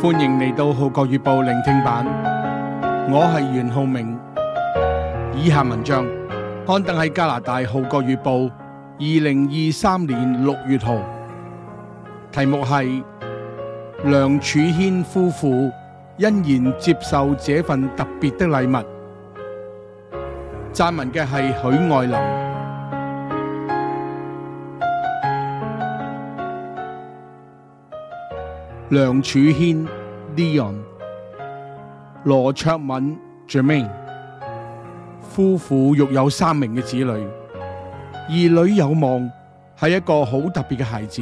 歡迎嚟到《浩國月報》聆聽版，我係袁浩明。以下文章刊登喺加拿大《浩國月報》二零二三年六月號，題目係梁柱軒夫婦欣然接受這份特別的禮物。撰文嘅係許愛林。梁柱軒 Leon、羅卓敏 Germaine 夫婦育有三名嘅子女，二女有望係一個好特別嘅孩子。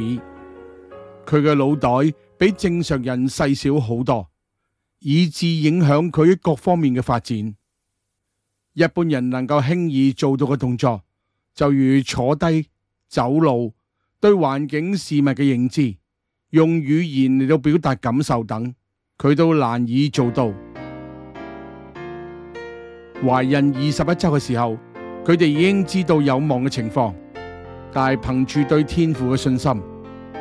佢嘅腦袋比正常人細小好多，以致影響佢各方面嘅發展。一般人能夠輕易做到嘅動作，就如坐低、走路、對環境事物嘅認知。用語言嚟到表達感受等，佢都難以做到。懷孕二十一周嘅時候，佢哋已經知道有望嘅情況，但係憑住對天父嘅信心，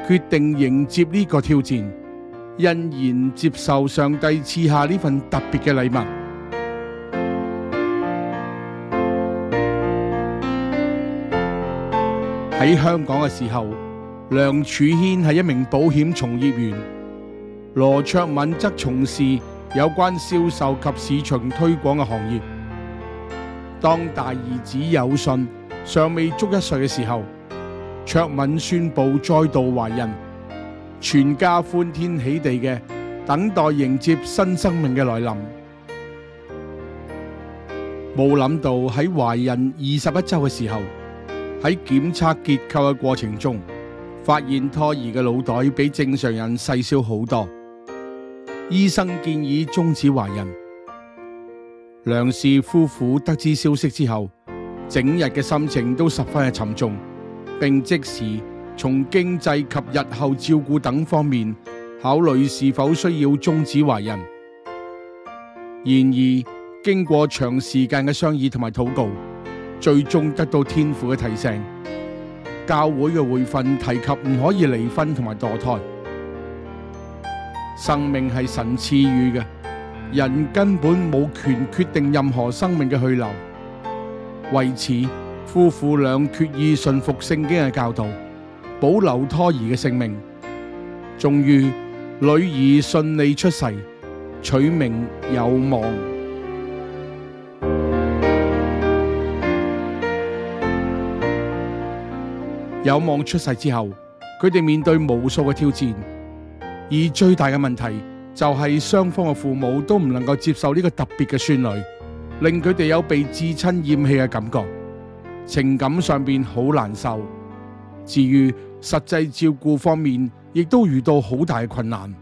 決定迎接呢個挑戰，欣然接受上帝賜下呢份特別嘅禮物。喺香港嘅時候。梁柱軒係一名保險從業員，羅卓敏則從事有關銷售及市場推廣嘅行業。當大兒子有信尚未足一歲嘅時候，卓敏宣布再度懷孕，全家歡天喜地嘅等待迎接新生命嘅來臨。冇諗到喺懷孕二十一周嘅時候，喺檢測結構嘅過程中，發現胎兒嘅腦袋比正常人細小好多，醫生建議終止懷孕。梁氏夫婦得知消息之後，整日嘅心情都十分沉重，並即時從經濟及日後照顧等方面考慮是否需要終止懷孕。然而，經過長時間嘅商議同埋禱告，最終得到天父嘅提醒。教會嘅會訓提及唔可以離婚同埋墮胎，生命係神賜予嘅，人根本冇權決定任何生命嘅去留。為此，夫婦倆決意信服聖經嘅教導，保留胎兒嘅性命。終於，女兒順利出世，取名有望。有望出世之後，佢哋面對無數嘅挑戰，而最大嘅問題就係雙方嘅父母都唔能夠接受呢個特別嘅孫女，令佢哋有被至親厭棄嘅感覺，情感上邊好難受。至於實際照顧方面，亦都遇到好大嘅困難。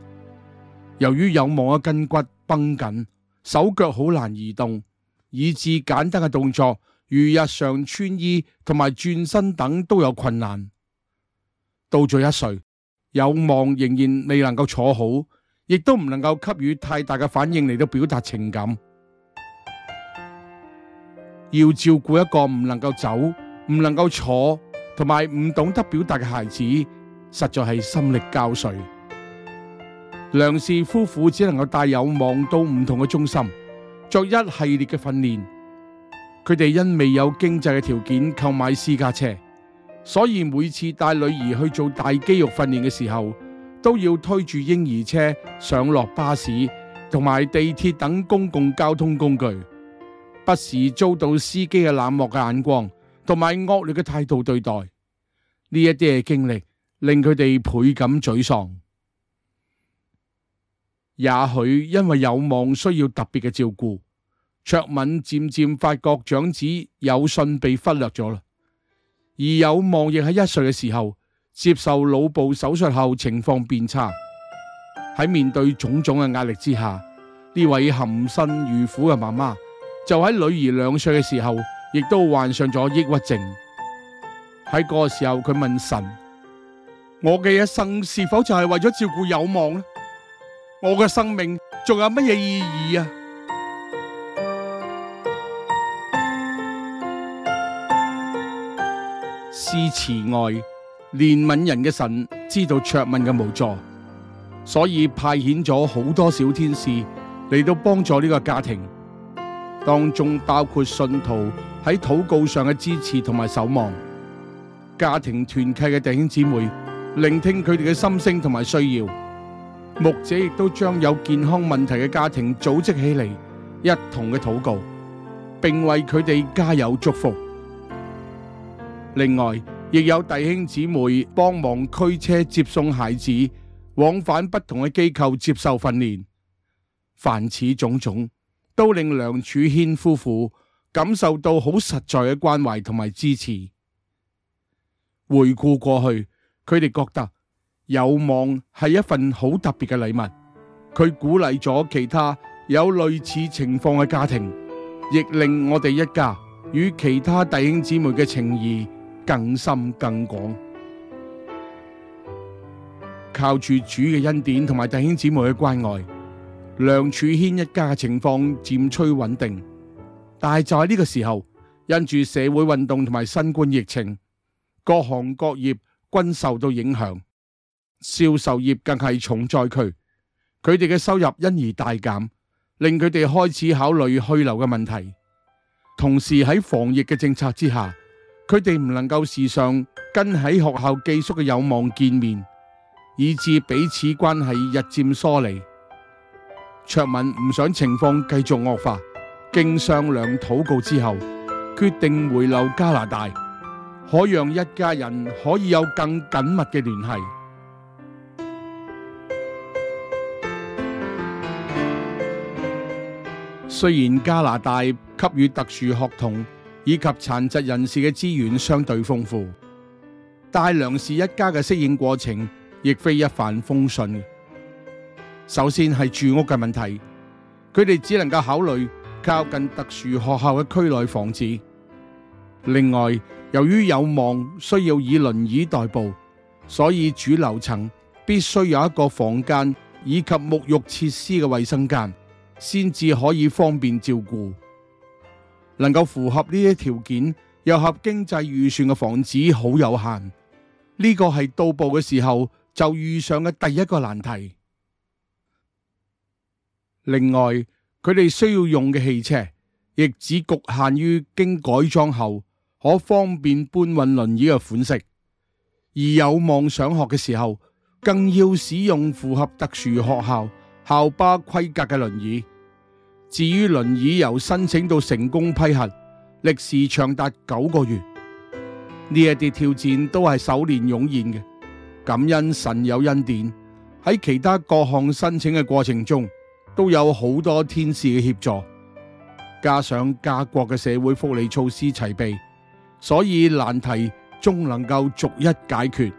由於有望嘅筋骨繃緊，手腳好難移動，以致簡單嘅動作。如日常穿衣同埋轉身等都有困難，到咗一歲，有望仍然未能夠坐好，亦都唔能夠給予太大嘅反應嚟到表達情感。要照顧一個唔能夠走、唔能夠坐同埋唔懂得表達嘅孩子，實在係心力交瘁。梁氏夫婦只能夠帶有望到唔同嘅中心，作一系列嘅訓練。佢哋因未有經濟嘅條件購買私家車，所以每次帶女兒去做大肌肉訓練嘅時候，都要推住嬰兒車上落巴士同埋地鐵等公共交通工具，不時遭到司機嘅冷漠眼光同埋惡劣嘅態度對待。呢一啲嘅經歷令佢哋倍感沮喪。也許因為有望需要特別嘅照顧。卓敏漸漸發覺長子有信被忽略咗啦，而有望亦喺一歲嘅時候接受腦部手術後情況變差。喺面對種種嘅壓力之下，呢位含辛茹苦嘅媽媽就喺女兒兩歲嘅時候，亦都患上咗抑鬱症。喺嗰個時候，佢問神：我嘅一生是否就係為咗照顧有望呢？我嘅生命仲有乜嘢意義啊？支持愛憐憫人嘅神知道卓敏嘅無助，所以派遣咗好多小天使嚟，到幫助呢個家庭當中，包括信徒喺禱告上嘅支持同埋守望，家庭團契嘅弟兄姊妹聆聽佢哋嘅心聲同埋需要，牧者亦都將有健康問題嘅家庭組織起嚟，一同嘅禱告，並為佢哋加油祝福。另外，亦有弟兄姊妹幫忙驅車接送孩子，往返不同嘅機構接受訓練。凡此種種，都令梁柱軒夫婦感受到好實在嘅關懷同埋支持。回顧過去，佢哋覺得有望係一份好特別嘅禮物。佢鼓勵咗其他有類似情況嘅家庭，亦令我哋一家與其他弟兄姊妹嘅情誼更深更廣，靠住主嘅恩典同埋弟兄姊妹嘅關愛，梁柱軒一家嘅情況漸趨穩定。但係就喺呢個時候，因住社會運動同埋新冠疫情，各行各業均受到影響，銷售業更係重災區。佢哋嘅收入因而大減，令佢哋開始考慮去留嘅問題。同時喺防疫嘅政策之下。佢哋唔能夠時常跟喺學校寄宿嘅有望見面，以致彼此關係日漸疏離。卓敏唔想情況繼續惡化，經商量禱告之後，決定回流加拿大，可讓一家人可以有更緊密嘅聯繫。雖然加拿大給予特殊學童。以及殘疾人士嘅資源相對豐富，但係梁氏一家嘅適應過程亦非一帆風順。首先係住屋嘅問題，佢哋只能夠考慮靠近特殊學校嘅區內房子。另外，由於有望需要以輪椅代步，所以主樓層必須有一個房間以及沐浴設施嘅衛生間，先至可以方便照顧。能夠符合呢啲條件又合經濟預算嘅房子好有限，呢個係到步嘅時候就遇上嘅第一個難題。另外，佢哋需要用嘅汽車亦只局限於經改裝後可方便搬運輪椅嘅款式，而有望上學嘅時候，更要使用符合特殊學校校巴規格嘅輪椅。至於輪椅由申請到成功批核，歷時長達九個月，呢一啲挑戰都係首年湧現嘅。感恩神有恩典，喺其他各項申請嘅過程中，都有好多天使嘅協助，加上加國嘅社會福利措施齊備，所以難題終能夠逐一解決。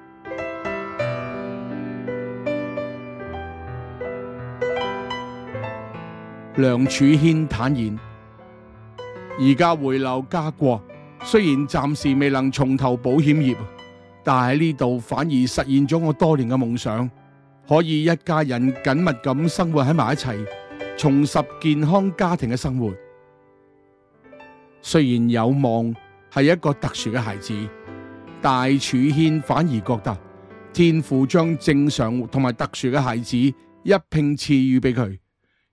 梁柱軒坦言：而家回流家國，雖然暫時未能重投保險業，但喺呢度反而實現咗我多年嘅夢想，可以一家人緊密咁生活喺埋一齊，重拾健康家庭嘅生活。雖然有望係一個特殊嘅孩子，但柱軒反而覺得天父將正常同埋特殊嘅孩子一併賜予俾佢。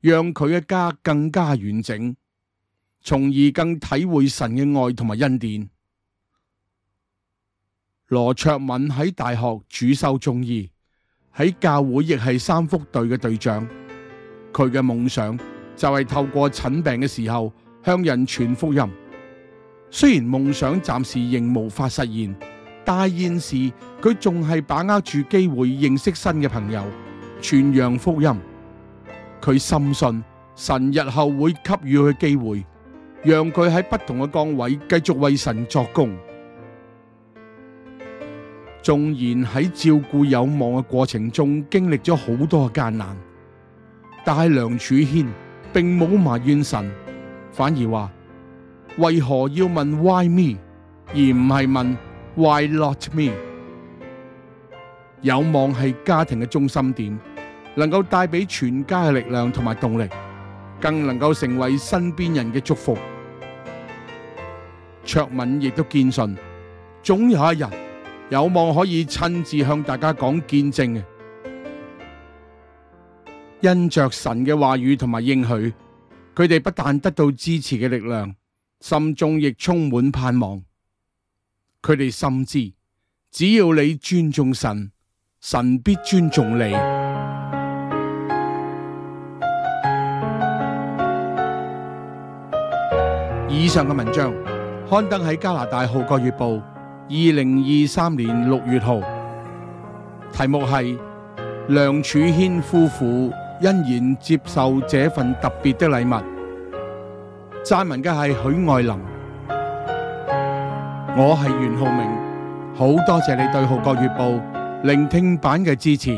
讓佢嘅家更加完整，從而更體會神嘅愛同埋恩典。羅卓敏喺大學主修中醫，喺教會亦係三福隊嘅隊長。佢嘅夢想就係透過診病嘅時候向人傳福音。雖然夢想暫時仍無法實現，但現時佢仲係把握住機會認識新嘅朋友，傳揚福音。佢深信神日後會給予佢機會，讓佢喺不同嘅崗位繼續為神作工。縱然喺照顧有望嘅過程中經歷咗好多嘅艱難，但係梁柱軒並冇埋怨神，反而話：為何要問 Why me，而唔係問 Why not me？有望係家庭嘅中心點。能夠帶俾全家嘅力量同埋動力，更能夠成為身邊人嘅祝福。卓敏亦都堅信，總有一日有望可以親自向大家講見證嘅。因着神嘅話語同埋應許，佢哋不但得到支持嘅力量，心中亦充滿盼望。佢哋深知，只要你尊重神，神必尊重你。以上嘅文章刊登喺加拿大《號角月報》，二零二三年六月號，題目是梁柱軒夫婦欣然接受這份特別的禮物。撰文嘅是許愛琳，我是袁浩明，好多謝你對《號角月報》聆聽版嘅支持。